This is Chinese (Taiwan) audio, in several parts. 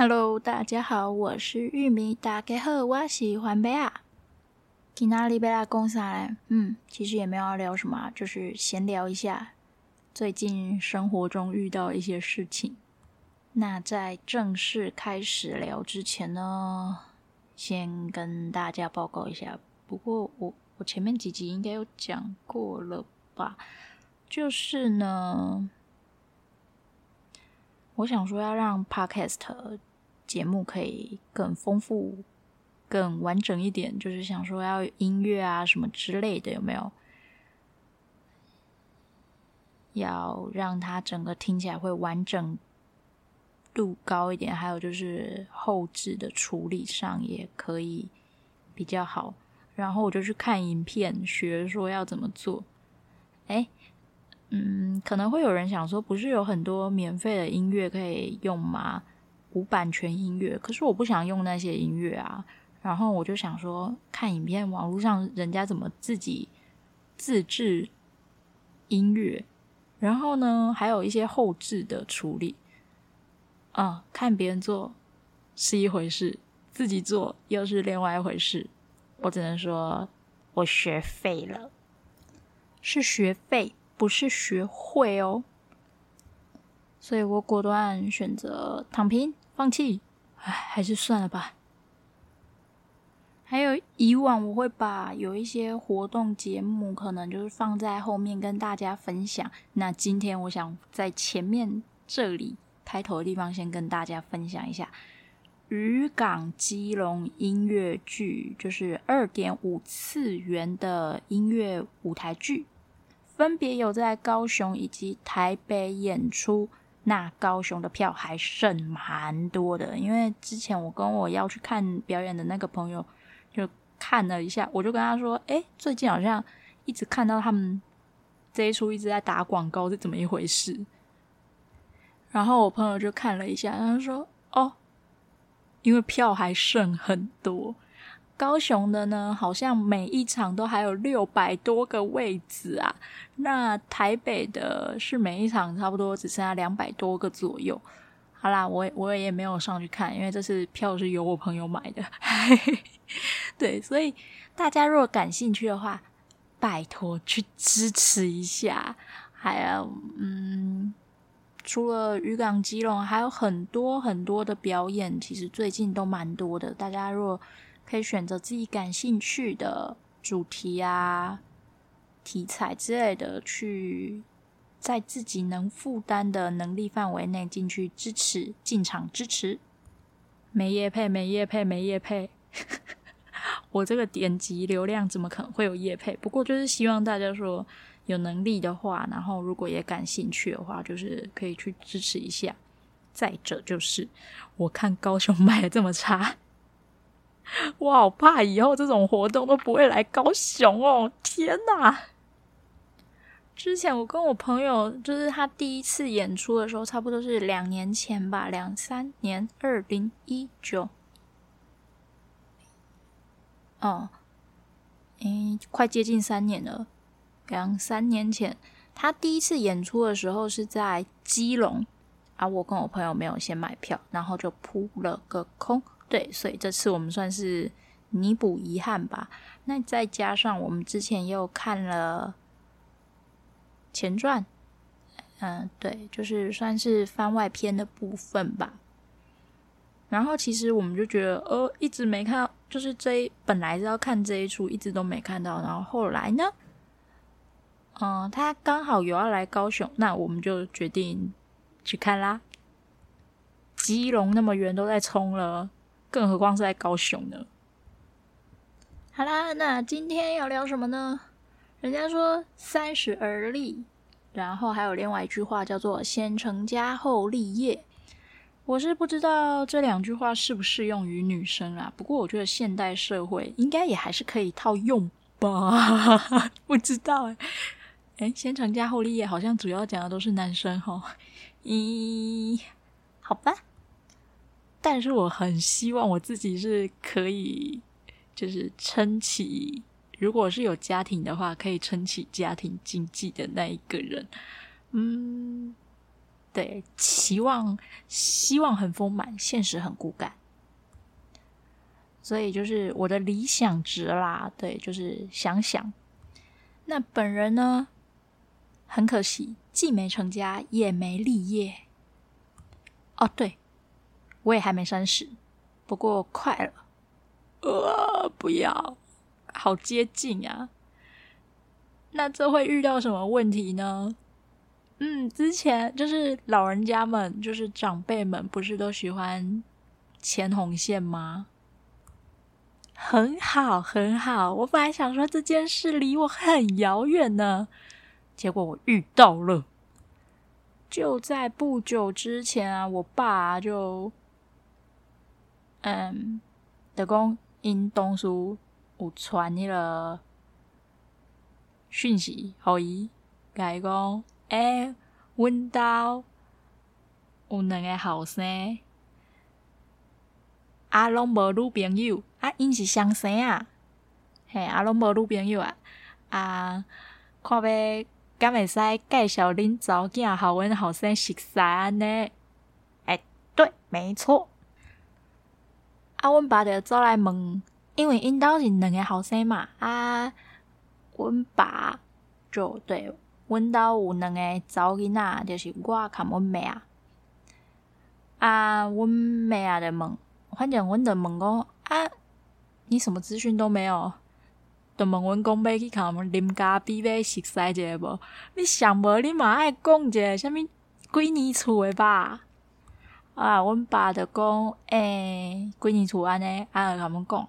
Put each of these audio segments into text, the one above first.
Hello，大家好，我是玉米。大家好，我是歡貝啊。今天哩要來講啥嘞？嗯，其實也沒有要聊什麼啊，就是閒聊一下最近生活中遇到一些事情。那在正式開始聊之前呢，先跟大家報告一下。不過我我前面幾集應該有講過了吧？就是呢，我想說要讓 Podcast。節目可以更豐富、更完整一點，就是想說要音樂啊什麼之類的，有沒有？要讓它整個聽起來會完整度高一點，還有就是後製的處理上也可以比較好。然後我就去看影片，學說要怎麼做。哎，嗯，可能會有人想說，不是有很多免費的音樂可以用嗎？無版權音樂，可是我不想用那些音樂啊。然後我就想說，看影片，網絡上人家怎麼自己自製音樂，然後呢，還有一些後製的處理。啊，看別人做是一回事，自己做又是另外一回事。我只能說，我學廢了，是學廢，不是學會哦。所以我果斷選擇躺平。放棄，唉，還是算了吧。還有以往我會把有一些活動節目，可能就是放在後面跟大家分享。那今天我想在前面這裡開頭的地方，先跟大家分享一下《漁港基隆音樂劇》，就是二點五次元的音樂舞臺劇，分別有在高雄以及台北演出。那高雄的票還剩蠻多的，因為之前我跟我要去看表演的那個朋友就看了一下，我就跟他說：“誒、欸，最近好像一直看到他們這一出一直在打廣告，是怎麼一回事？”然後我朋友就看了一下，他說：“哦，因為票還剩很多。”高雄的呢，好像每一場都還有六百多個位子啊。那台北的是每一場差不多只剩下兩百多個左右。好啦，我我也沒有上去看，因為這次票是由我朋友買的。 對，所以大家如果感興趣的話，拜托去支持一下。還有，嗯，除了漁港、基隆，還有很多很多的表演，其實最近都蠻多的。大家如果可以選擇自己感興趣的主題啊、題材之類的，去在自己能負擔的能力範圍內進去支持進場支持。沒業配，沒業配，沒業配。 我這個點擊流量怎麼可能會有業配？不過就是希望大家說有能力的話，然後如果也感興趣的話，就是可以去支持一下。再者就是，我看高雄賣的這麼差。哇，我好怕以後這種活動都不會來高雄哦！天哪！之前我跟我朋友，就是他第一次演出的時候，差不多是兩年前吧，兩三年，二零一九。哦，誒，快接近三年了，兩三年前他第一次演出的時候是在基隆，而、啊、我跟我朋友沒有先買票，然後就撲了個空。對，所以這次我們算是彌補遺憾吧。那再加上我們之前又看了前傳，嗯、呃，對，就是算是番外篇的部分吧。然後其實我們就覺得，哦、呃，一直沒看到，就是這一，本來是要看這一出，一直都沒看到。然後後來呢，嗯、呃，他剛好有要來高雄，那我們就決定去看啦。基隆那麼遠都在衝了。更何況是在高雄呢？好啦，那今天要聊什麼呢？人家說三十而立，然後還有另外一句話叫做“先成家後立業”。我是不知道這兩句話適不適用於女生啦，不過我覺得現代社會應該也還是可以套用吧。 不知道哎，哎，先成家後立業好像主要講的都是男生哈、哦。咦、嗯，好吧。但是我很希望我自己是可以，就是撐起，如果是有家庭的話，可以撐起家庭經濟的那一個人。嗯，對，期望希望很豐滿，現實很骨感，所以就是我的理想值啦。對，就是想想，那本人呢，很可惜，既沒成家，也沒立業。哦，對。我也還沒三十，不過快了。呃，不要，好接近啊。那這會遇到什麼問題呢？嗯，之前就是老人家們，就是長輩們，不是都喜歡牽紅線嗎？很好，很好。我本來想說這件事離我很遙遠呢，結果我遇到了。就在不久之前啊，我爸啊就。嗯，著講因同事有傳迄個訊息，互伊甲伊講，哎、欸，阮兜有兩個後生，啊，攏無女朋友，啊，因是雙生啊，嘿、欸，啊，攏無女朋友啊，啊，看要敢會使介紹恁查某囝互阮後生熟似安尼，誒、欸、對，沒錯。阮、啊、爸著走來問，因為因兜是兩個後生嘛，啊，阮爸就對，阮兜有兩個查某囡仔，著、就是我含阮妹啊。啊，阮妹啊就問，反正阮著問講，啊，你什麼資訊都沒有，就問阮公爸去看我啉咖啡，B 熟是者無？你想無？你嘛愛講者，啥物幾年厝誒吧？啊，阮爸著講，誒、欸、幾年安尼啊，甲阮講，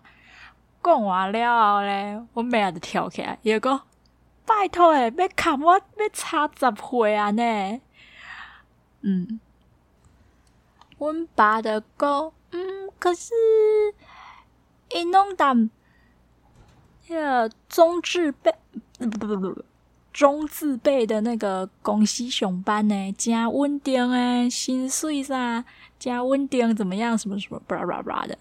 講完了後咧阮妹啊就跳起來，伊著講，拜托誒、欸，要卡我，要差十歲啊呢。嗯，阮爸著講，嗯，可是，伊攏弄迄遐中字輩、呃，中字輩的那個公司上班呢、欸，誠穩定誒、欸，薪水啥。加溫 e 怎麼樣？什麼什麼吧啦吧啦的，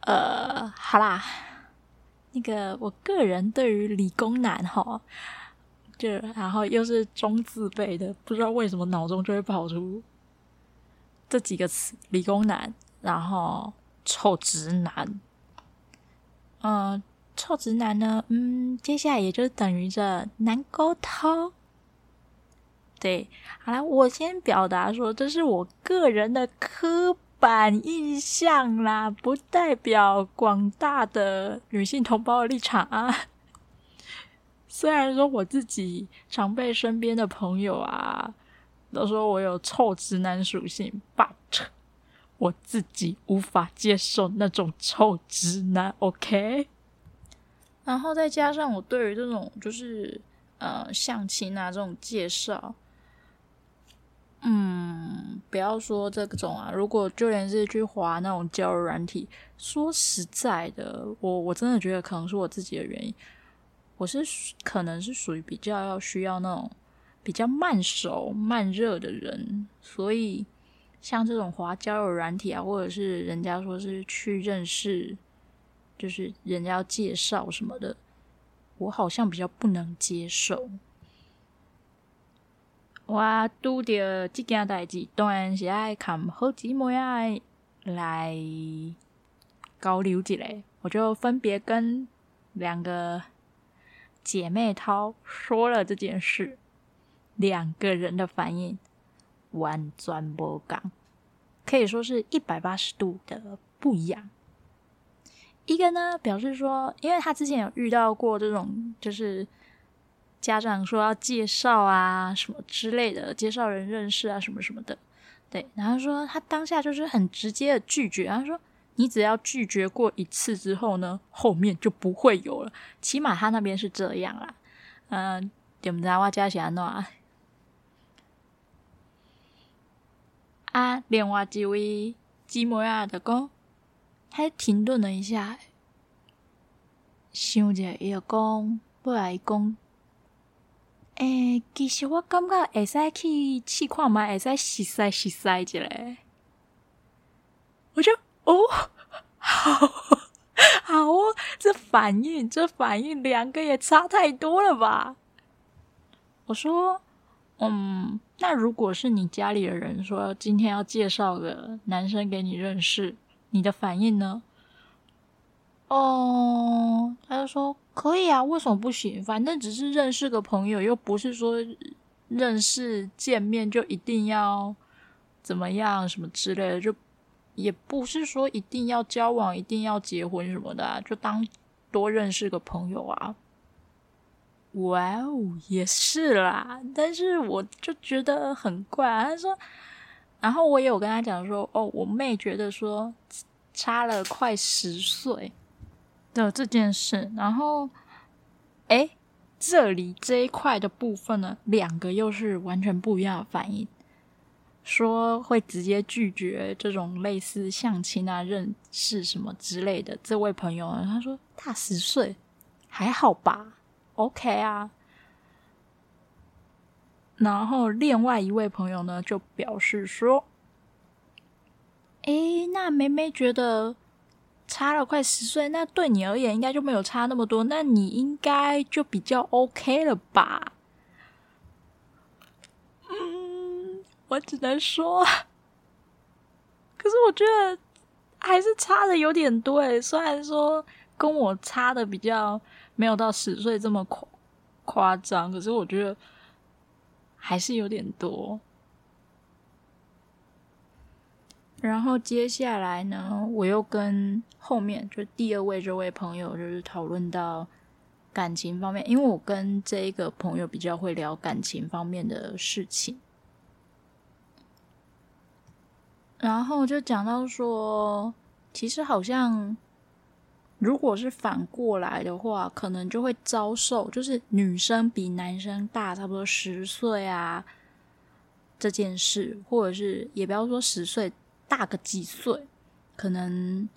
呃，好啦，那個我個人對於理工男哈，就然後又是中字輩的，不知道為什麼腦中就會跑出這幾個詞：理工男，然後臭直男。嗯、呃，臭直男呢？嗯，接下來也就等於這難溝通。對，好啦，我先表達說，這是我個人的刻板印象啦，不代表廣大的女性同胞的立場啊。 雖然說我自己常被身邊的朋友啊，都說我有臭直男屬性，but 我自己無法接受那種臭直男。OK，然後再加上我對於這種就是呃相親啊這種介紹。嗯，不要說這種啊，如果就連是去滑那種交友軟體，說實在的，我我真的覺得可能是我自己的原因，我是可能是屬於比較要需要那種比較慢熟慢熱的人，所以像這種滑交友軟體啊，或者是人家說是去認識，就是人家要介紹什麼的，我好像比較不能接受。我拄着這件代志，當然是愛看好姊妹愛來交流一下。我就分別跟兩個姐妹淘說了這件事，兩個人的反應完全無仝，可以說是一百八十度的不一樣。一個呢表示說，因為她之前有遇到過這種，就是。家長說要介紹啊什麼之類的，介紹人認識啊什麼什麼的，對。然後說他當下就是很直接的拒絕，然後說你只要拒絕過一次之後呢，後面就不會有了，起碼他那邊是這樣啦。嗯、呃，點着我加啥弄啊，另外一位姊妹啊，的講，他停頓了一下，想一個要不要來講。誒、欸，其實我感覺會使去去看，買會使熟悉熟悉一下。我就哦，好好哦，這反應這反應，兩個也差太多了吧？我說，嗯，那如果是你家裡的人說今天要介紹個男生給你認識，你的反應呢？哦，他就說。可以啊，為什麼不行？反正只是認識個朋友，又不是說認識見面就一定要怎麼樣什麼之類的，就也不是說一定要交往，一定要結婚什麼的啊，就當多認識個朋友啊。哇哦，也是啦，但是我就覺得很怪啊，他說，然後我也有跟他講說，哦，我妹覺得說差了快十歲的這件事，然後，哎，這裡這一塊的部分呢，兩個又是完全不一樣的反應。說會直接拒絕這種類似相親啊、認識什麼之類的，這位朋友他說大十歲，還好吧？OK 啊。然後另外一位朋友呢，就表示說，哎，那妹妹覺得。差了快十歲，那對你而言應該就沒有差那麼多，那你應該就比較 OK 了吧？嗯，我只能說，可是我覺得還是差的有點多。誒，雖然說跟我差的比較沒有到十歲這麼誇誇張，可是我覺得還是有點多。然後接下來呢，我又跟後面就第二位這位朋友就是討論到感情方面，因為我跟這一個朋友比較會聊感情方面的事情，然後就講到說，其實好像如果是反過來的話，可能就會遭受，就是女生比男生大差不多十歲啊這件事，或者是也不要說十歲。大個幾歲，可能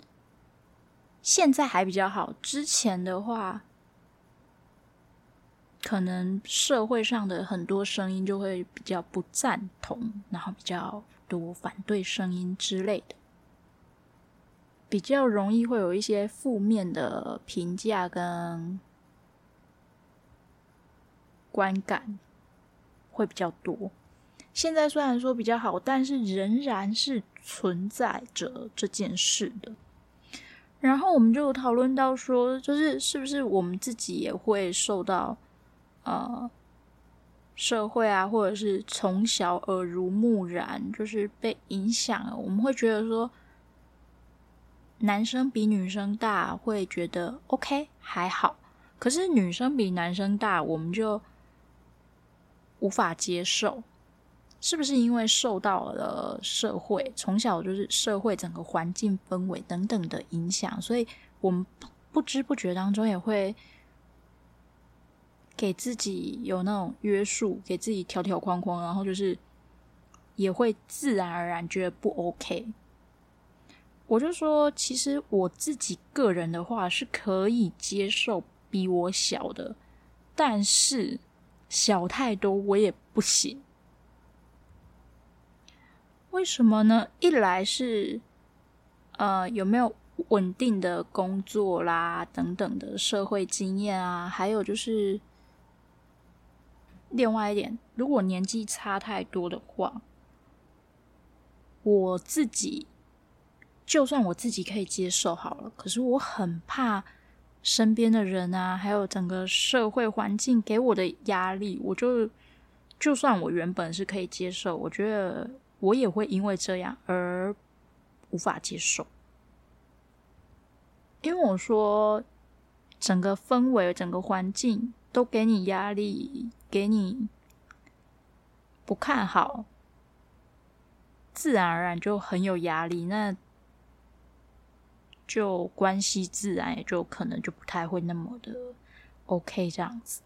現在還比較好。之前的話，可能社會上的很多聲音就會比較不贊同，然後比較多反對聲音之類的，比較容易會有一些負面的評價跟觀感，會比較多。現在雖然說比較好，但是仍然是存在着這件事的。然後，我們就討論到說，就是是不是我們自己也會受到呃社會啊，或者是從小耳濡目染，就是被影響了，我們會覺得說男生比女生大會覺得 OK 還好，可是女生比男生大，我們就無法接受。是不是因為受到了社會，從小就是社會整個環境氛圍等等的影響，所以我們不知不覺當中也會給自己有那種約束，給自己條條框框，然後就是也會自然而然覺得不 OK。我就說，其實我自己個人的話是可以接受比我小的，但是小太多我也不行。為什麼呢？一來是，呃，有沒有穩定的工作啦，等等的社會經驗啊，還有就是，另外一點，如果年紀差太多的話，我自己，就算我自己可以接受好了，可是我很怕身邊的人啊，還有整個社會環境給我的壓力，我就，就算我原本是可以接受，我覺得。我也會因為這樣而無法接受，因為我說整個氛圍、整個環境都給你壓力，給你不看好，自然而然就很有壓力，那就關係自然也就可能就不太會那麼的 OK 這樣子。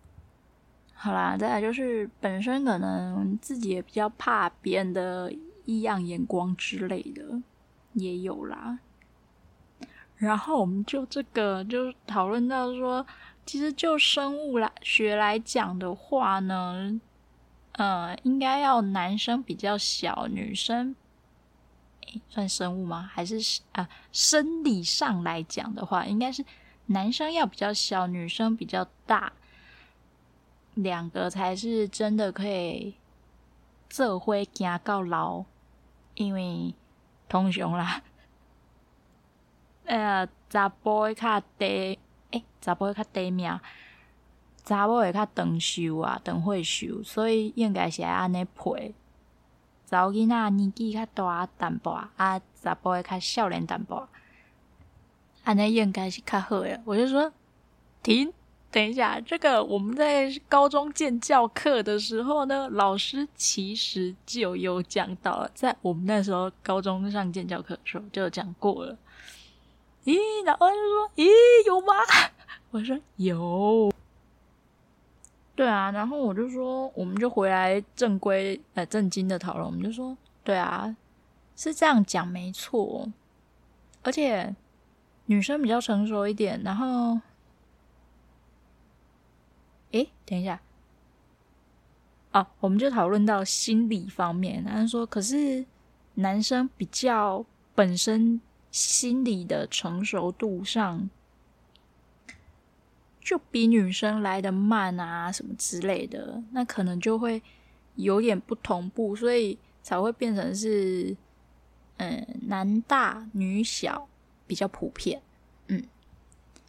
好啦，再來就是本身可能自己也比較怕別人的。異樣眼光之類的也有啦，然後我們就這個就討論到說，其實就生物來學來講的話呢，呃，應該要男生比較小，女生，誒算生物嗎？還是啊、呃，生理上來講的話，應該是男生要比較小，女生比較大，兩個才是真的可以做會行到老。因為通常啦，呃，查甫會較低，誒、欸，查甫會較短命，查某會較長壽啊、長歲數，所以應該是愛安尼配。查某囡仔年紀較大淡薄仔，啊，查甫會較少年淡薄仔，安尼應該是較好誒。我就說，停。等一下，這個我們在高中健教課的時候呢，老師其實就有講到了，在我們那時候高中上健教課的時候就有講過了。咦，然後就說：“咦，有嗎？”我說：“有。”對啊，然後我就說，我們就回來正規、呃、正經的討論，我們就說：“對啊，是這樣講沒錯，而且女生比較成熟一點，然後。”哎，等一下，哦，我們就討論到心理方面。他說，可是男生比較本身心理的成熟度上，就比女生來得慢啊，什麼之類的，那可能就會有點不同步，所以才會變成是，嗯，男大女小比較普遍。嗯，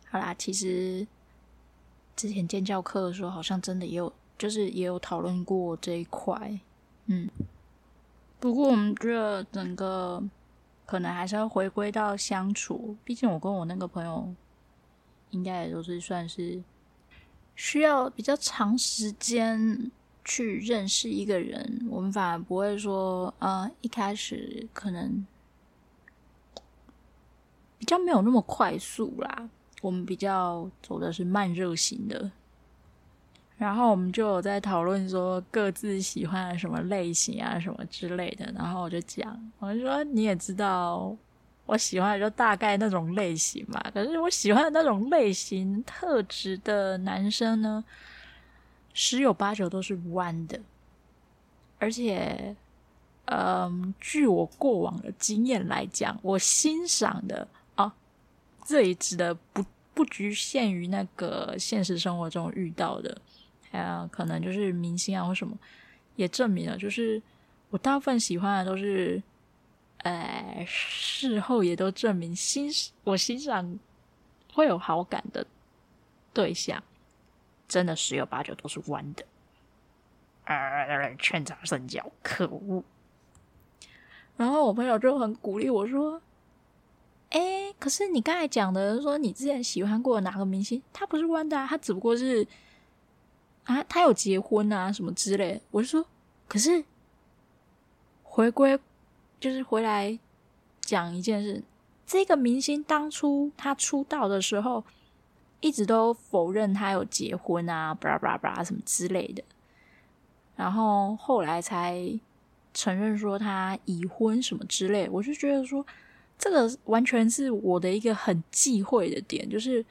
好啦，其實。之前建教課的時候，好像真的也有，就是也有討論過這一塊。嗯，不過我們覺得整個可能還是要回歸到相處，畢竟我跟我那個朋友應該也都是算是需要比較長時間去認識一個人，我們反而不會說，啊，呃，一開始可能比較沒有那麼快速啦。我們比較走的是慢熱型的，然後我們就有在討論說各自喜歡什麼類型啊，什麼之類的。然後我就講，我就說你也知道，我喜歡的就大概那種類型嘛。可是我喜歡的那種類型特質的男生呢，十有八九都是彎的，而且，嗯，據我過往的經驗來講，我欣賞的。這也指的不不局限於那個現實生活中遇到的，還有可能就是明星啊或什麼，也證明了就是我大部分喜歡的都是，呃，事後也都證明欣我欣賞會有好感的對象，真的十有八九都是彎的，呃，勸長勝交，可惡。然後我朋友就很鼓勵我說。哎、欸，可是你剛才講的說你之前喜歡過哪個明星？他不是彎的啊，他只不過是啊，他有結婚啊什麼之類的。我就說，可是回歸就是回來講一件事，這個明星當初他出道的時候一直都否認他有結婚啊，巴拉巴拉巴拉什麼之類的，然後後來才承認說他已婚什麼之類的。我就覺得說。這個完全是我的一個很忌諱的點，就是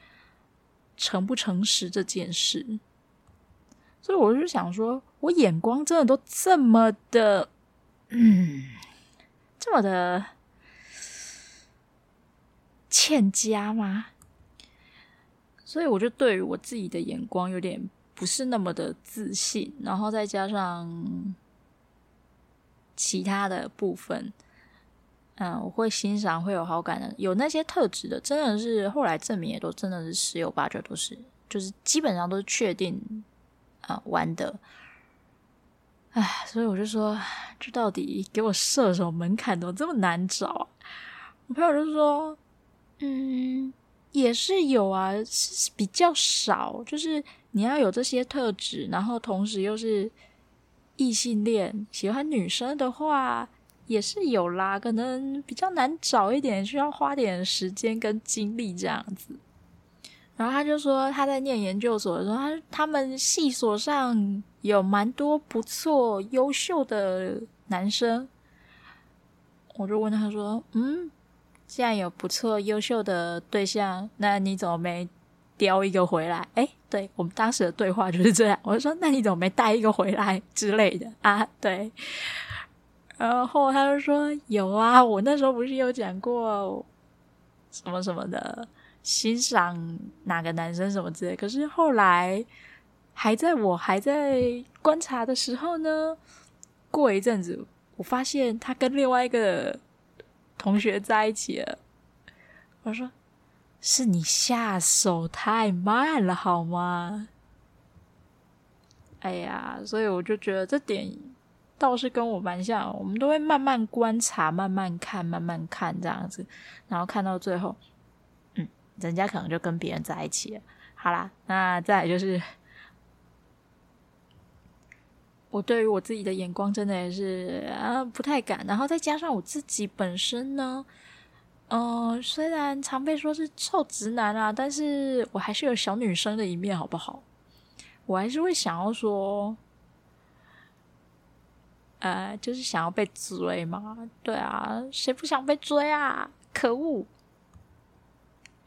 誠不誠實這件事。所以我就想說，我眼光真的都這麼的，嗯，這麼的欠佳嗎？所以我就對於我自己的眼光有點不是那麼的自信，然後再加上其他的部分。嗯，我會欣賞，會有好感的，有那些特質的，真的是後來證明也都真的是十有八九都是，就是基本上都是確定啊、嗯、玩的，唉，所以我就說，這到底給我設什麼門檻？怎麼這麼難找啊？我朋友就說，嗯，也是有啊，是比較少，就是你要有這些特質，然後同時又是異性戀，喜歡女生的話。也是有啦，可能比較難找一點，需要花點時間跟精力這樣子。然後他就說他在念研究所的時候，他他們系所上有蠻多不錯優秀的男生。我就問他說：“嗯，既然有不錯優秀的對象，那你怎麼沒叼一個回來？”哎、欸，對，我們當時的對話就是這樣。我就說：“那你怎麼沒帶一個回來之類的啊？”對。然後他就說：“有啊，我那時候不是有講過，什麼什麼的，欣賞哪個男生什麼之類。可是後來，還在我還在觀察的時候呢，過一陣子，我發現他跟另外一個同學在一起了。我說：是你下手太慢了，好嗎？哎呀，所以我就覺得這點。”倒是跟我蠻像，我們都會慢慢觀察，慢慢看，慢慢看這樣子，然後看到最後，嗯，人家可能就跟別人在一起了。好啦，那再來就是，我對於我自己的眼光真的也是啊、呃、不太敢，然後再加上我自己本身呢，嗯、呃，雖然常被說是臭直男啊，但是我還是有小女生的一面，好不好？我還是會想要說。呃，就是想要被追嘛，對啊，誰不想被追啊？可惡！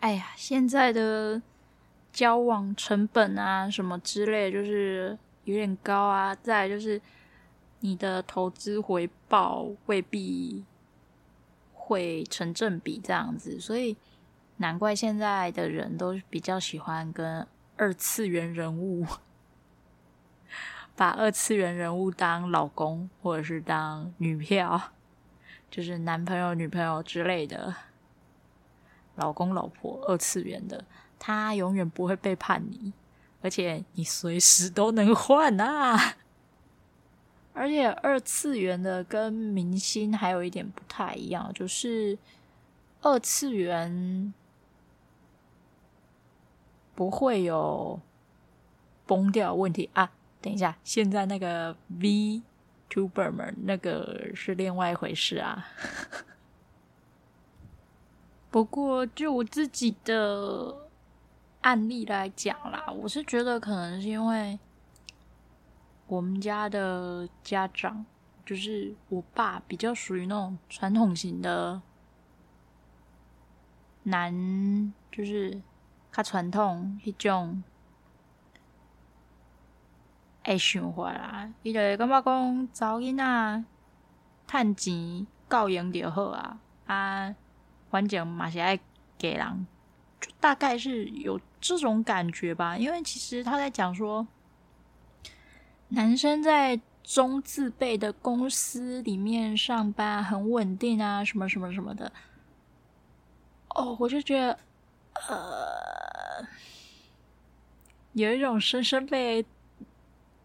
哎呀，現在的交往成本啊，什麼之類，就是有點高啊。再就是你的投資回報未必會成正比這樣子，所以難怪現在的人都比較喜歡跟二次元人物。把二次元人物當老公，或者是當女票，就是男朋友、女朋友之類的，老公、老婆，二次元的，他永遠不會背叛你，而且你隨時都能換啊！而且二次元的跟明星還有一點不太一樣，就是二次元不會有崩掉的問題啊。等一下，現在那個 VTuber 們那個是另外一回事啊。 不過就我自己的案例來講啦，我是覺得可能是因為我們家的家長，就是我爸比較屬於那種傳統型的男，就是他傳統一種。哎，想回啦！伊就感覺講查某囡仔、啊，趁錢夠用就好啊。啊，反正嘛，是愛嫁人，就大概是有這種感覺吧。因為其實他在講說，男生在中字輩的公司裡面上班很穩定啊，什麼什麼什麼的。哦，我就覺得，呃，有一種深深被。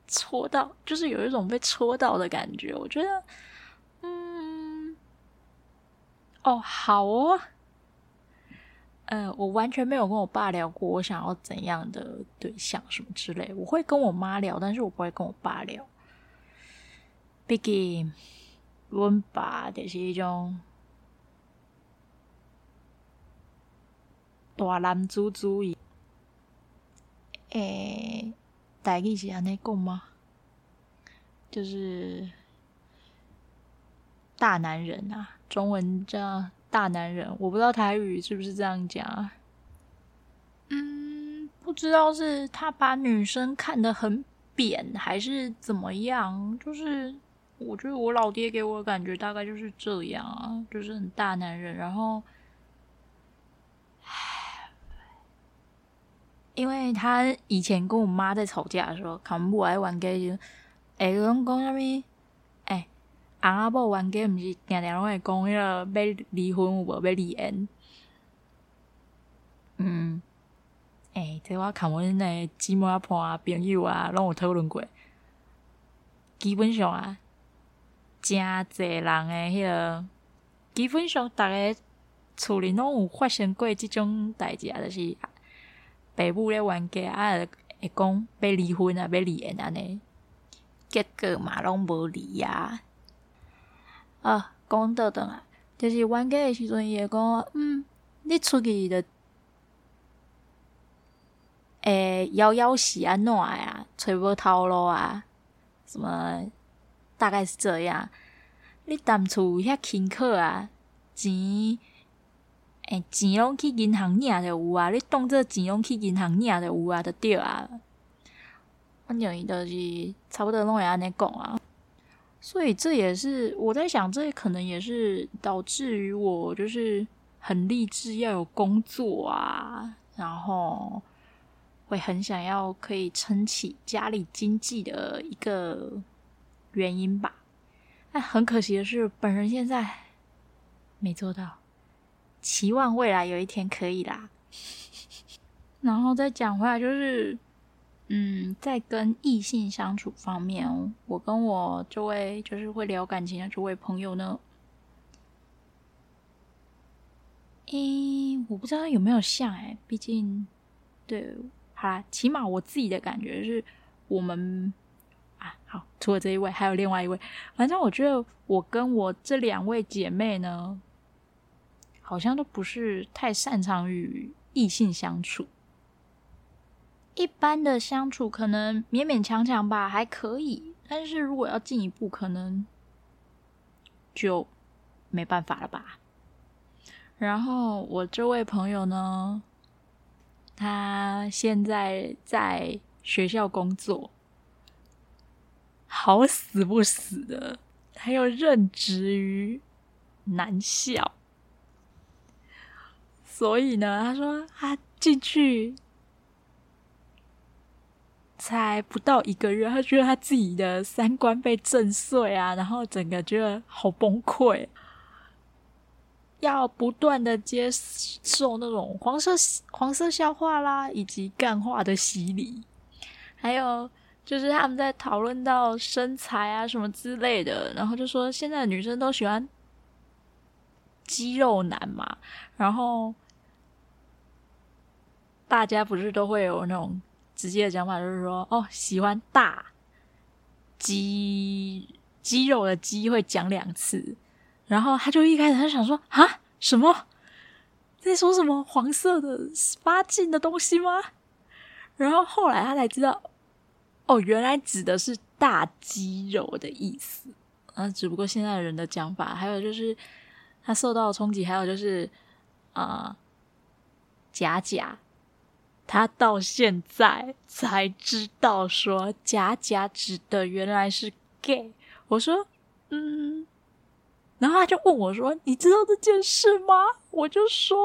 戳到，就是有一種被戳到的感覺。我覺得，嗯，哦，好啊、哦。嗯、呃，我完全沒有跟我爸聊過我想要怎樣的對象什麼之類。我會跟我媽聊，但是我不會跟我爸聊。畢竟，我爸就是一種大男子主，主義。誒、欸。在一起那夠嗎？就是大男人啊，中文這樣大男人，我不知道台語是不是這樣講。嗯，不知道是他把女生看得很扁，還是怎麼樣？就是我覺得我老爹給我的感覺大概就是這樣啊，就是很大男人，然後。因為他以前跟我媽在吵架的時候，看、欸欸、翁某冤家攏講啥物？誒、那個，翁仔某冤家毋是常常攏會講迄個要離婚有無？要離婚？嗯，誒、欸，這個、我看阮的姊妹啊、伴啊、朋友啊，攏有討論過。基本上啊，真濟人誒、那個，迄個基本上逐個厝裡攏有發生過即種代志啊，著、就是、啊。爸母咧冤家啊，會講要離婚啊，要離婚安尼，結果嘛攏無離啊。啊，講到斷啊，就是冤家誒時陣，伊會講，嗯，你出去著，會枵枵死安怎啊，揣無頭路啊？什麼？大概是這樣。你當厝遐勤巧啊，錢。哎、欸，錢攏去銀行領就有啊！你動這錢攏去銀行領就有啊，就對啊。反正都是差不多攏會安尼講啊。所以這也是我在想，這可能也是導致於我就是很勵志要有工作啊，然後會很想要可以撐起家裡經濟的一個原因吧。哎，很可惜的是，本人現在沒做到。期望未來有一天可以啦， 然後再講回來，就是嗯，在跟異性相處方面、哦、我跟我這位就是會聊感情的這位朋友呢，誒、欸，我不知道有沒有像誒、欸、畢竟對，好啦，起碼我自己的感覺是我們啊，好，除了這一位，還有另外一位，反正我覺得我跟我這兩位姐妹呢。好像都不是太擅長與異性相處，一般的相處可能勉勉強強吧，還可以。但是如果要進一步，可能就沒辦法了吧。然後我這位朋友呢，他現在在學校工作，好死不死的，還有任職於男校。所以呢，他說他進去才不到一個月，他覺得他自己的三觀被震碎啊，然後整個覺得好崩潰，要不斷的接受那種黃色黃色笑話啦，以及乾話的洗禮，還有就是他們在討論到身材啊什麼之類的，然後就說現在女生都喜歡肌肉男嘛，然後。大家不是都會有那種直接的講法，就是說哦，喜歡大肌肌肉的肌會講兩次，然後他就一開始他想說啊什麼，在說什麼黃色的發勁的東西嗎？然後後來他才知道，哦，原來指的是大肌肉的意思啊。只不過現在人的講法，還有就是他受到的衝擊，還有就是啊、呃，假假。他到現在才知道說“假假”指的原來是 gay。我說：“嗯。”然後他就問我說：“你知道這件事嗎？”我就說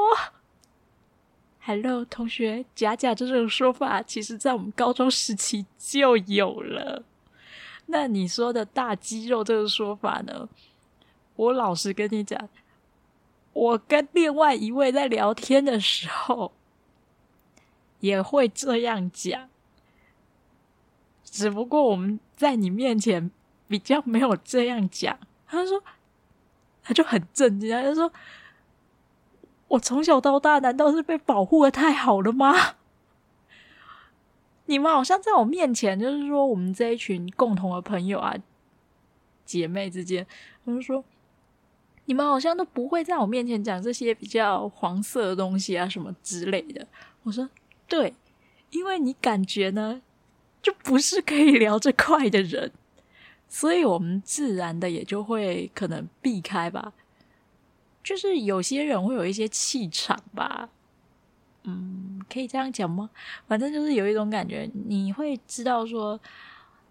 ：“Hello，同學，‘假假’這種說法，其實在我們高中時期就有了。那你說的‘大肌肉’這個說法呢？我老實跟你講，我跟另外一位在聊天的時候。”也會這樣講，只不過我們在你面前比較沒有這樣講。他說，他就很震驚，他就說：“我從小到大，難道是被保護的太好了嗎？你們好像在我面前，就是說我們這一群共同的朋友啊，姐妹之間，我就說，你們好像都不會在我面前講這些比較黃色的東西啊，什麼之類的。”我說。對，因為你感覺呢，就不是可以聊這塊的人，所以我們自然的也就會可能避開吧。就是有些人會有一些氣場吧，嗯，可以這樣講嗎？反正就是有一種感覺，你會知道說，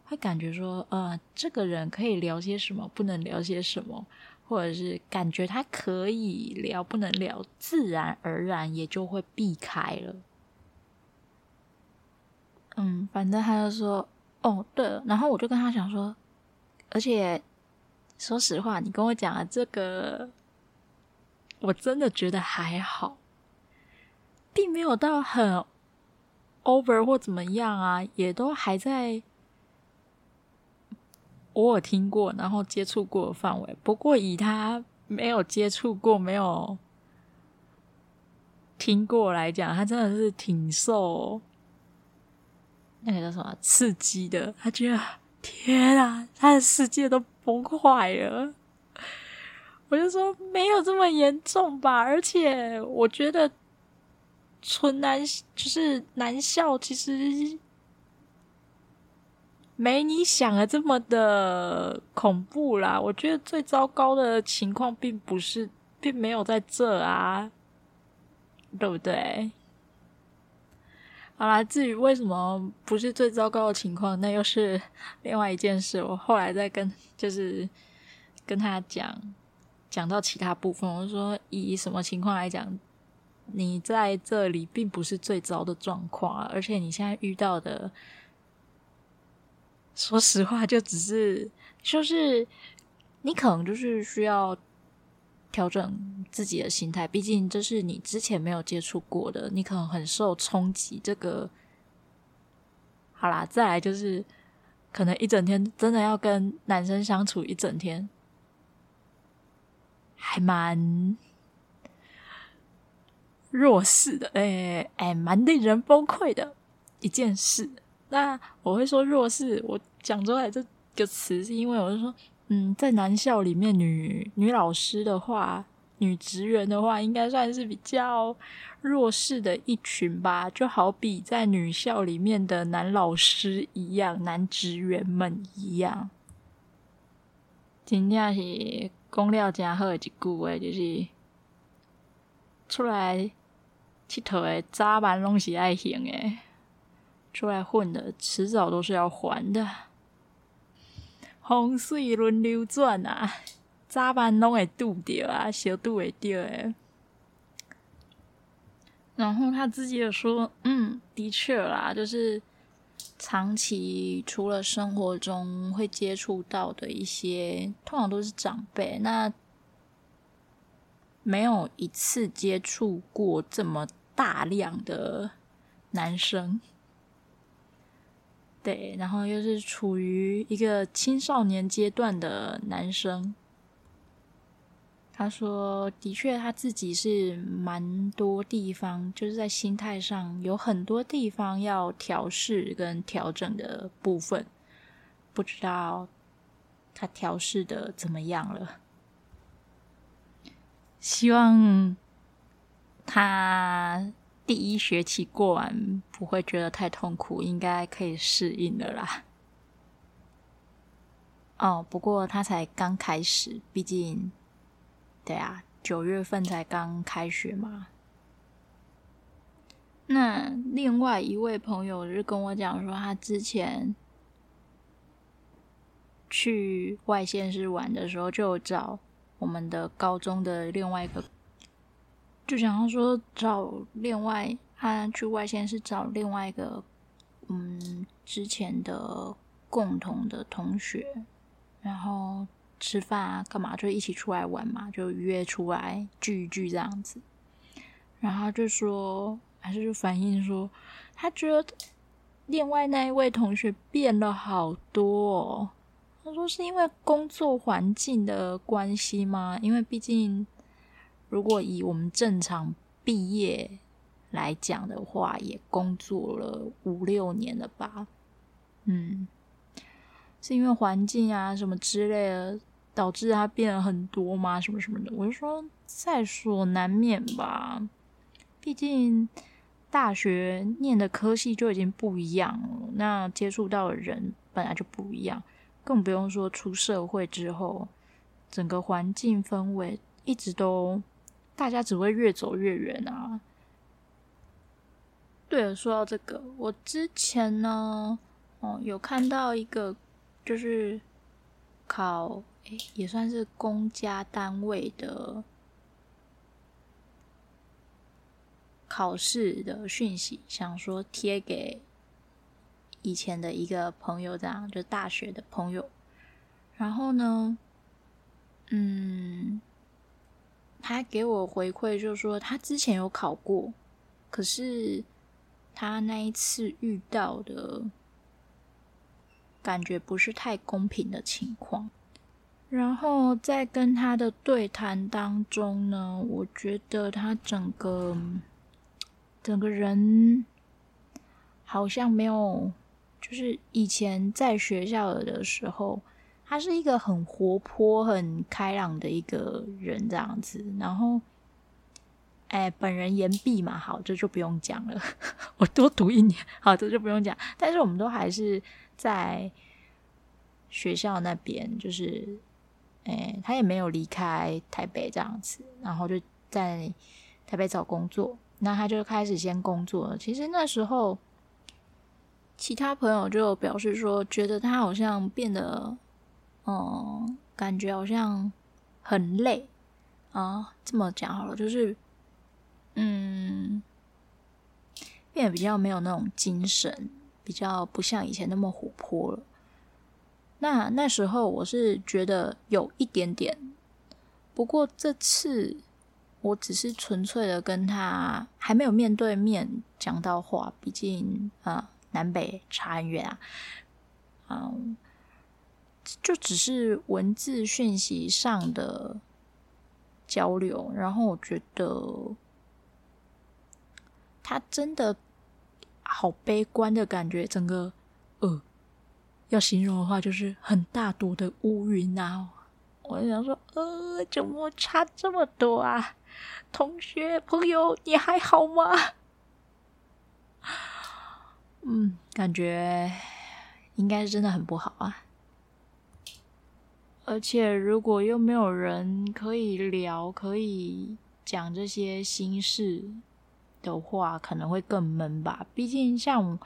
會感覺說，啊、呃，這個人可以聊些什麼，不能聊些什麼，或者是感覺他可以聊，不能聊，自然而然也就會避開了。嗯，反正他就說，哦，對了，然後我就跟他講說，而且說實話，你跟我講的這個，我真的覺得還好，並沒有到很 over 或怎麼樣啊，也都還在偶爾聽過，然後接觸過的範圍。不過以他沒有接觸過、沒有聽過來講，他真的是挺瘦，哦。那個叫什麼刺激的，他覺得天啊，他的世界都崩壞了。我就說沒有這麼嚴重吧，而且我覺得純男就是男校，其實沒你想的這麼的恐怖啦。我覺得最糟糕的情況並不是，並沒有在這啊，對不對？好啦，至於為什麼不是最糟糕的情況，那又是另外一件事。我後來再跟，就是跟他講，講到其他部分，我說以什麼情況來講，你在這裡並不是最糟的狀況，而且你現在遇到的，說實話，就只是，就是你可能就是需要。調整自己的心態，畢竟這是你之前沒有接觸過的，你可能很受衝擊。這個好啦，再來就是可能一整天真的要跟男生相處一整天，還蠻弱勢的，哎、欸、哎，蠻、欸、令人崩潰的一件事。那我會說弱勢，我講出來這個詞是因為，我就說。嗯，在男校裡面女，女女老師的話，女職員的話，應該算是比較弱勢的一群吧。就好比在女校裡面的男老師一樣，男職員們一樣。真的是講了家好的一句話，就是出來乞討的渣男攏是愛行誒，出來混的遲早都是要還的。風水輪流轉啊，早晚都會堵掉啊，小拄會掉的。然後他自己也說，嗯，的確啦，就是長期除了生活中會接觸到的一些，通常都是長輩，那沒有一次接觸過這麼大量的男生。對，然後又是處於一個青少年階段的男生，他說：“的確，他自己是蠻多地方，就是在心態上有很多地方要調試跟調整的部分，不知道他調試的怎麼樣了。希望他。”第一學期過完不會覺得太痛苦，應該可以適應了啦。哦，不過他才剛開始，畢竟，對啊，九月份才剛開學嘛。那另外一位朋友是跟我講說，他之前去外縣市玩的時候，就找我們的高中的另外一個。就想說找另外他去外線是找另外一個嗯之前的共同的同學，然後吃飯啊幹嘛就一起出來玩嘛，就約出來聚一聚這樣子。然後就說還是就反映說他覺得另外那一位同學變了好多、哦。他說是因為工作環境的關係嗎？因為畢竟。如果以我們正常畢業來講的話，也工作了五六年了吧？嗯，是因為環境啊什麼之類的，導致它變了很多嗎？什麼什麼的，我就說在所難免吧。畢竟大學念的科系就已經不一樣了，那接觸到的人本來就不一樣，更不用說出社會之後，整個環境氛圍一直都。大家只會越走越遠啊！對了，說到這個，我之前呢，哦，嗯，有看到一個就是考，欸，也算是公家單位的考試的訊息，想說貼給以前的一個朋友這樣，就大學的朋友。然後呢，嗯。他給我回饋，就是說他之前有考過，可是他那一次遇到的感覺不是太公平的情況。然後在跟他的對談當中呢，我覺得他整個整個人好像沒有，就是以前在學校的時候。他是一個很活潑、很開朗的一個人，這樣子。然後，哎，本人言畢嘛，好，這就不用講了。 我多讀一年，好，這就不用講。但是，我們都還是在學校那邊，就是，哎，他也沒有離開台北這樣子，然後就在台北找工作。那他就開始先工作了。其實那時候，其他朋友就表示說，覺得他好像變得。嗯，感覺好像很累啊、嗯。這麼講好了，就是嗯，變得比較沒有那種精神，比較不像以前那麼活潑了。那那時候我是覺得有一點點，不過這次我只是純粹的跟他還沒有面對面講到話，畢竟啊、嗯，南北差很遠啊，嗯。就只是文字訊息上的交流，然後我覺得他真的好悲觀的感覺，整個呃，要形容的話就是很大朵的烏雲啊！我就想說，呃，怎麼差這麼多啊？同學朋友，你還好嗎？嗯，感覺應該是真的很不好啊。而且，如果又沒有人可以聊，可以講這些心事的話，可能會更悶吧。畢竟，像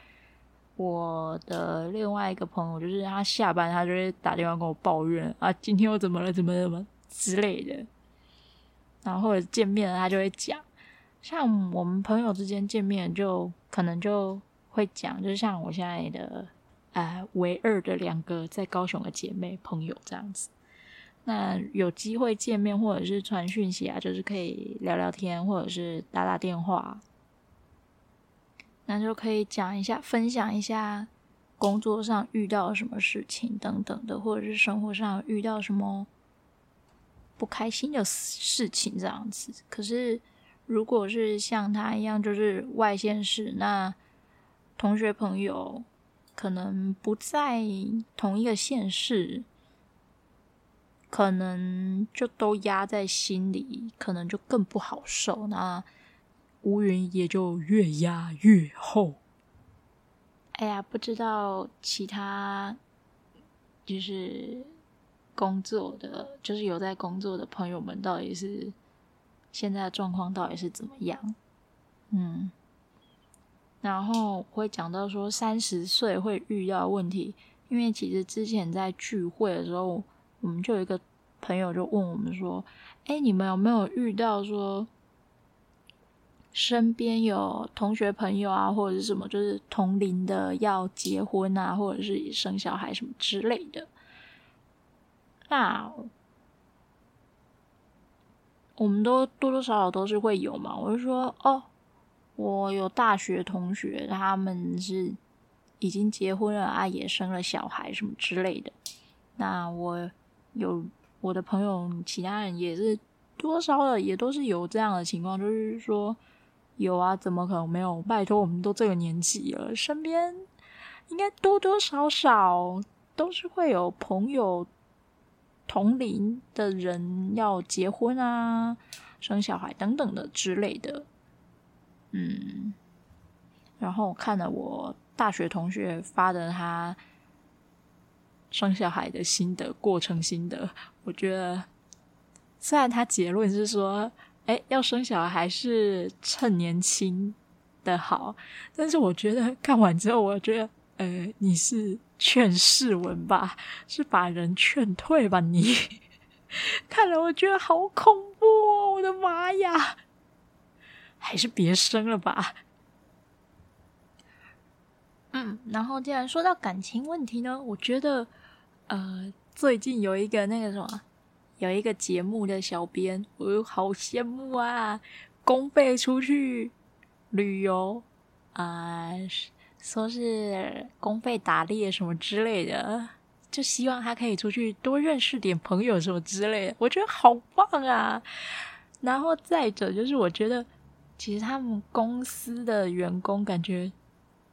我的另外一個朋友，就是他下班，他就會打電話跟我抱怨啊，今天又怎麼了、怎麼怎麼之類的。然後或者見面了，他就會講。像我們朋友之間見面，就可能就會講，就像我現在的。呃，唯二的兩個在高雄的姐妹朋友這樣子，那有機會見面或者是傳訊息啊，就是可以聊聊天或者是打打電話，那就可以講一下，分享一下工作上遇到什麼事情等等的，或者是生活上遇到什麼不開心的事情這樣子。可是如果是像他一樣，就是外縣市，那同學朋友。可能不在同一個縣市，可能就都壓在心裡，可能就更不好受。那烏雲也就越壓越厚。哎呀，不知道其他就是工作的，就是有在工作的朋友們，到底是現在的狀況到底是怎麼樣？嗯。然後我會講到說三十歲會遇到問題，因為其實之前在聚會的時候，我們就有一個朋友就問我們說：“哎，你們有沒有遇到說身邊有同學朋友啊，或者是什麼，就是同齡的要結婚啊，或者是生小孩什麼之類的？”那我們都多多少少都是會有嘛，我就說：“哦。”我有大學同學，他們是已經結婚了啊，也生了小孩什麼之類的。那我有我的朋友，其他人也是多少的，也都是有這樣的情況，就是說有啊，怎麼可能沒有？拜托，我們都這個年紀了，身邊應該多多少少都是會有朋友同齡的人要結婚啊、生小孩等等的之類的。嗯，然後我看了我大學同學發的他生小孩的心得過程心得，我覺得雖然他結論是說，哎，要生小孩是趁年輕的好，但是我覺得看完之後，我覺得，呃，你是勸世文吧，是把人勸退吧？你， 看了我覺得好恐怖哦，我的媽呀！還是別生了吧。嗯，然後既然說到感情問題呢，我覺得呃，最近有一個那個什麼，有一個節目的小編，我、呃、好羨慕啊，公費出去旅遊啊、呃，說是公費打獵什麼之類的，就希望他可以出去多認識點朋友什麼之類的，我覺得好棒啊。然後再者就是，我覺得。其實他們公司的員工感覺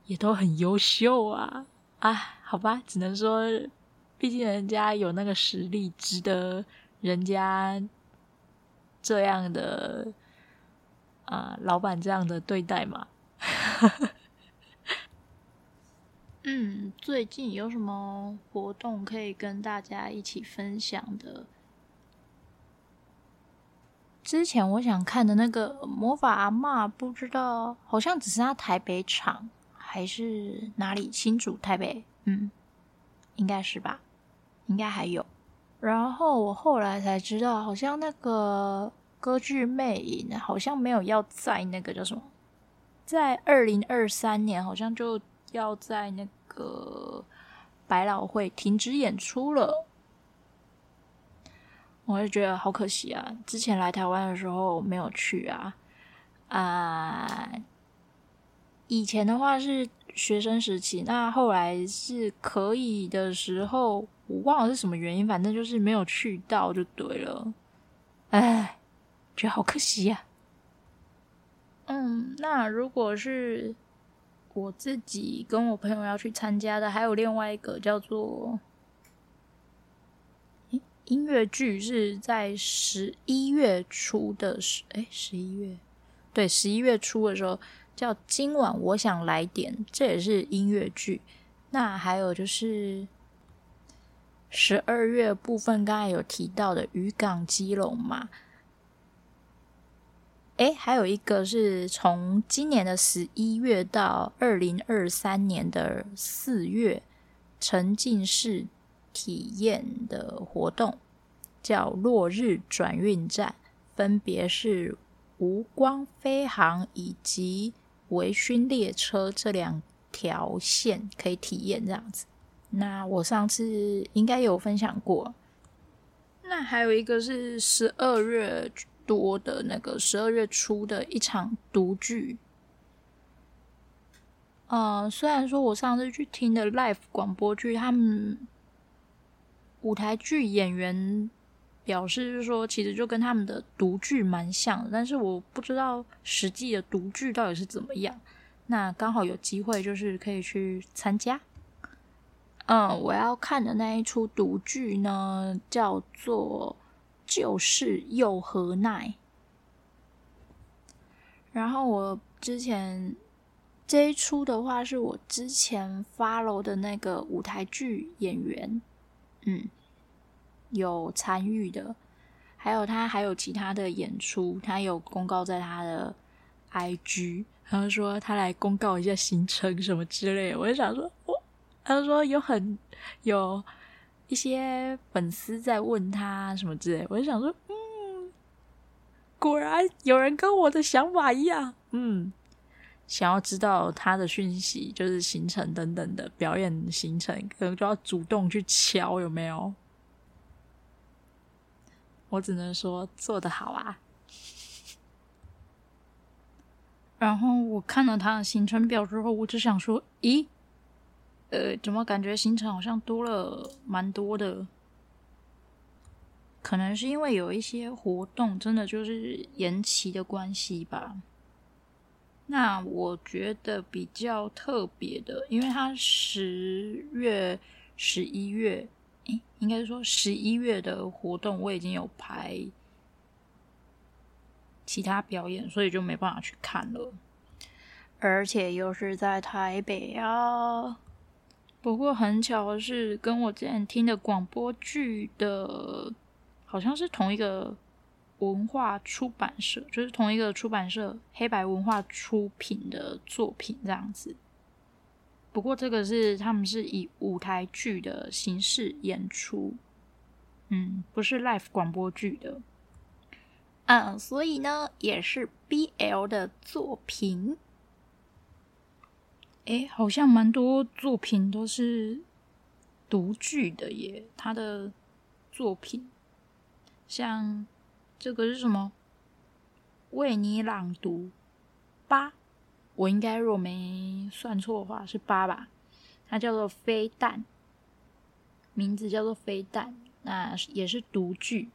也都很優秀啊！啊，好吧，只能說，畢竟人家有那個實力，值得人家這樣的啊、呃，老闆這樣的對待嘛。 嗯，最近有什麼活動可以跟大家一起分享的？之前我想看的那個魔法阿嬤，不知道好像只是在台北場，還是哪裡，新竹、台北，嗯，應該是吧，應該還有。然後我後來才知道，好像那個歌劇魅影好像沒有要在那個叫什麼，在二零二三年好像就要在那個百老匯停止演出了。我也覺得好可惜啊！之前來台灣的時候沒有去啊，啊、呃，以前的話是學生時期，那後來是可以的時候，我忘了是什麼原因，反正就是沒有去到就對了，哎，覺得好可惜呀、啊。嗯，那如果是我自己跟我朋友要去參加的，還有另外一個叫做。音樂劇是在十一月初的十，哎，十一月，對，十一月初的時候叫《今晚我想來點》，這也是音樂劇。那還有就是十二月部分，剛才有提到的漁港基隆嘛？哎，還有一個是從今年的十一月到二零二三年的四月，沉浸式。體驗的活動叫落日轉運站，分別是無光飛行以及微醺列車這兩條線可以體驗這樣子。那我上次應該有分享過，那還有一個是十二月多的那個十二月初的一場讀劇。呃，雖然說我上次去聽的 live 廣播劇，他們。舞台劇演員表示，就是說，其實就跟他們的獨劇蠻像，但是我不知道實際的獨劇到底是怎麼樣。那剛好有機會，就是可以去參加。嗯，我要看的那一出獨劇呢，叫做《就是又何奈》。然後我之前這一出的話，是我之前 follow 的那個舞台劇演員。嗯，有參與的，還有他還有其他的演出，他有公告在他的 IG，然後說他來公告一下行程什麼之類，我就想說，哦，他就說有很有一些粉絲在問他什麼之類，我就想說，嗯，果然有人跟我的想法一樣，嗯。想要知道他的訊息，就是行程等等的表演行程，可能就要主動去敲，有沒有？我只能說做得好啊。然後我看了他的行程表之後，我只想說，咦，呃，怎麼感覺行程好像多了蠻多的？可能是因為有一些活動真的就是延期的關係吧。那我覺得比較特別的，因為他十月、十一月，欸，應該說十一月的活動，我已經有排其他表演，所以就沒辦法去看了。而且又是在台北啊。不過很巧的是，跟我之前聽的廣播劇的，好像是同一個。文化出版社就是同一個出版社，黑白文化出品的作品這樣子。不過這個是他們是以舞台劇的形式演出，嗯，不是 live 廣播劇的。嗯，所以呢，也是 BL 的作品。哎、欸，好像蠻多作品都是讀劇的耶，他的作品像。這個是什麼？為你朗讀八，我應該若沒算錯的話是八吧，吧。它叫做飛彈，名字叫做飛彈，那也是讀劇。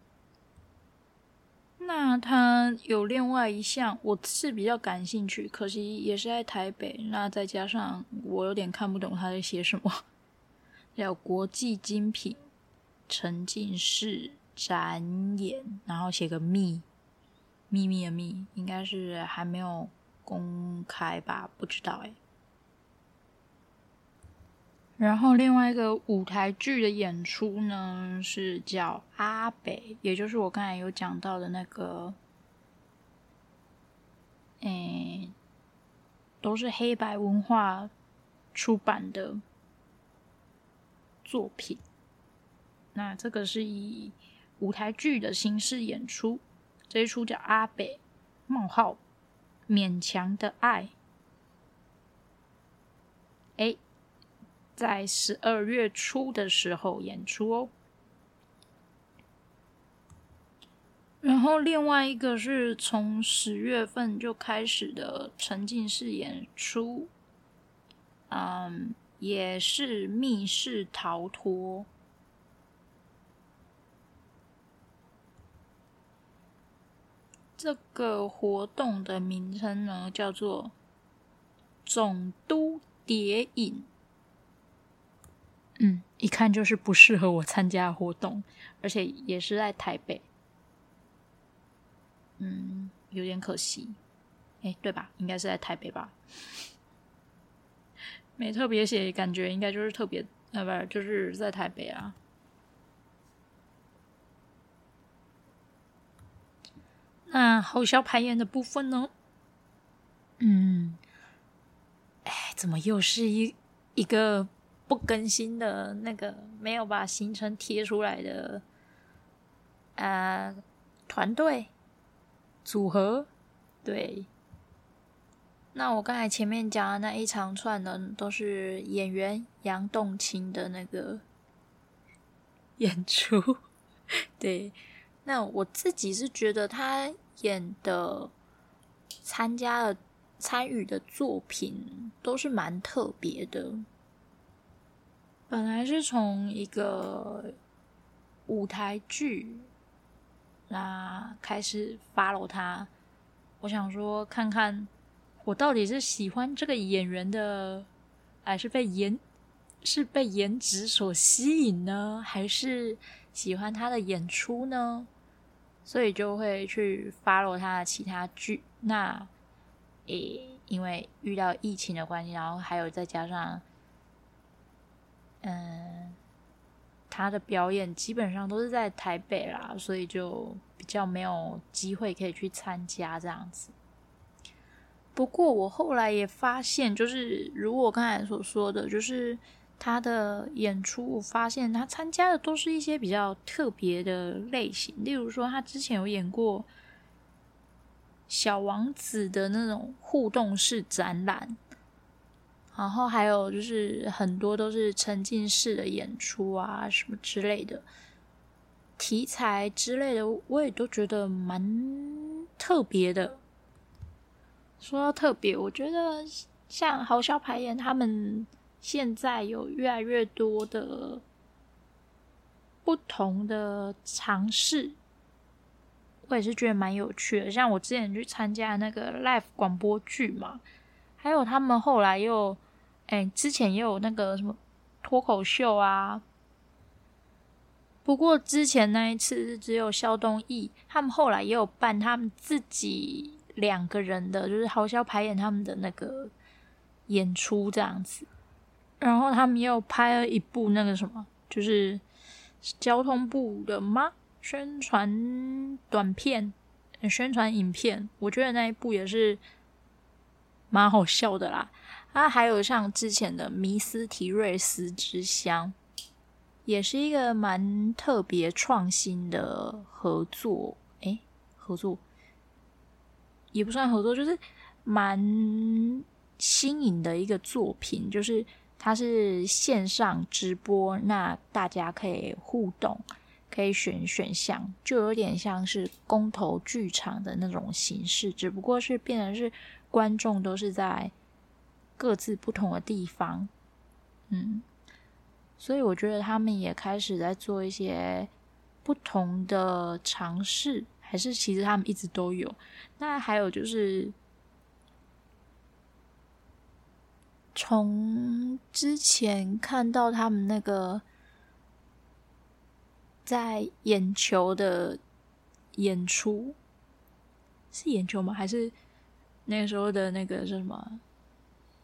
那它有另外一項，我是比較感興趣，可惜也是在台北。那再加上我有點看不懂它在寫什麼。叫國際精品沉浸式展演，然後寫個秘，秘密的秘，應該是還沒有公開吧？不知道哎、欸。然後另外一個舞台劇的演出呢，是叫《阿北》，也就是我剛才有講到的那個，嗯、欸，都是黑白文化出版的作品。那這個是以。舞台劇的形式演出。這一出叫阿《阿北》冒號勉強的愛，哎、欸，在十二月初的時候演出哦。然後，另外一個是從十月份就開始的沉浸式演出，嗯，也是密室逃脫。這個活動的名稱呢，叫做《總督蝶影》。嗯，一看就是不適合我參加活動，而且也是在台北。嗯，有點可惜。哎，對吧？應該是在台北吧？沒特別寫，感覺應該就是特別……呃，不是，就是在台北啊。那好像排演的部分呢、哦？嗯，哎，怎麼又是一一個不更新的那個沒有把行程貼出來的啊？呃、團隊組合，對。那我剛才前面講的那一長串的都是演員楊棟青的那個演出，對。那我自己是覺得他。演的、參加了，參與的作品都是蠻特別的。本來是從一個舞台劇那開始 follow 他，我想說看看我到底是喜歡這個演員的，還是被顏是被顏值所吸引呢？還是喜歡他的演出呢？所以就會去發 w 他的其他劇，那誒、欸，因為遇到疫情的關係，然後還有再加上，嗯、呃，他的表演基本上都是在台北啦，所以就比較沒有機會可以去參加這樣子。不過我後來也發現，就是如果剛才所說的，就是。他的演出，我發現他參加的都是一些比較特別的類型，例如說他之前有演過《小王子》的那種互動式展覽，然後還有就是很多都是沉浸式的演出啊，什麼之類的，題材之類的，我也都覺得蠻特別的。說到特別，我覺得像好笑排演他們。現在有越來越多的不同的嘗試，我也是覺得蠻有趣的。像我之前去參加那個 live 廣播劇嘛，還有他們後來又哎、欸，之前也有那個什麼脫口秀啊。不過之前那一次是只有蕭東意，他們後來也有辦他們自己兩個人的，就是嚎哮排演他們的那個演出這樣子。然後他們又拍了一部那個什麼，就是交通部的嗎？宣傳短片、呃，宣傳影片。我覺得那一部也是蠻好笑的啦。啊，還有像之前的《迷斯提瑞斯之鄉》，也是一個蠻特別創新的合作，哎，合作也不算合作，就是蠻新穎的一個作品，就是。它是線上直播，那大家可以互動，可以選選項，就有點像是公投劇場的那種形式，只不過是變成是觀眾都是在各自不同的地方，嗯，所以我覺得他們也開始在做一些不同的嘗試，還是其實他們一直都有。那還有就是。從之前看到他們那個在眼球的演出，是眼球嗎？還是那個時候的那個是什麼？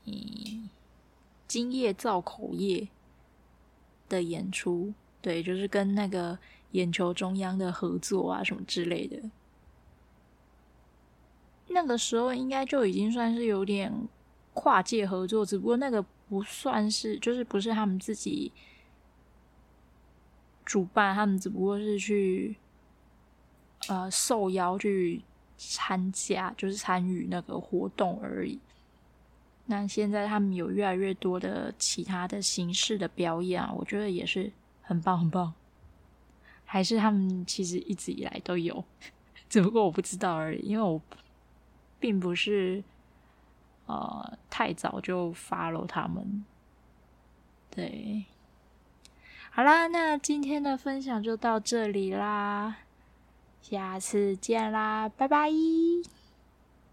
嗯，今夜造口業的演出，對，就是跟那個眼球中央的合作啊，什麼之類的。那個時候應該就已經算是有點。跨界合作，只不過那個不算是，就是不是他們自己主辦，他們只不過是去呃受邀去參加，就是參與那個活動而已。那現在他們有越來越多的其他的形式的表演啊，我覺得也是很棒很棒。還是他們其實一直以來都有，只不過我不知道而已，因為我並不是。呃，太早就 follow 他們，對，好啦，那今天的分享就到這裡啦，下次見啦，拜拜。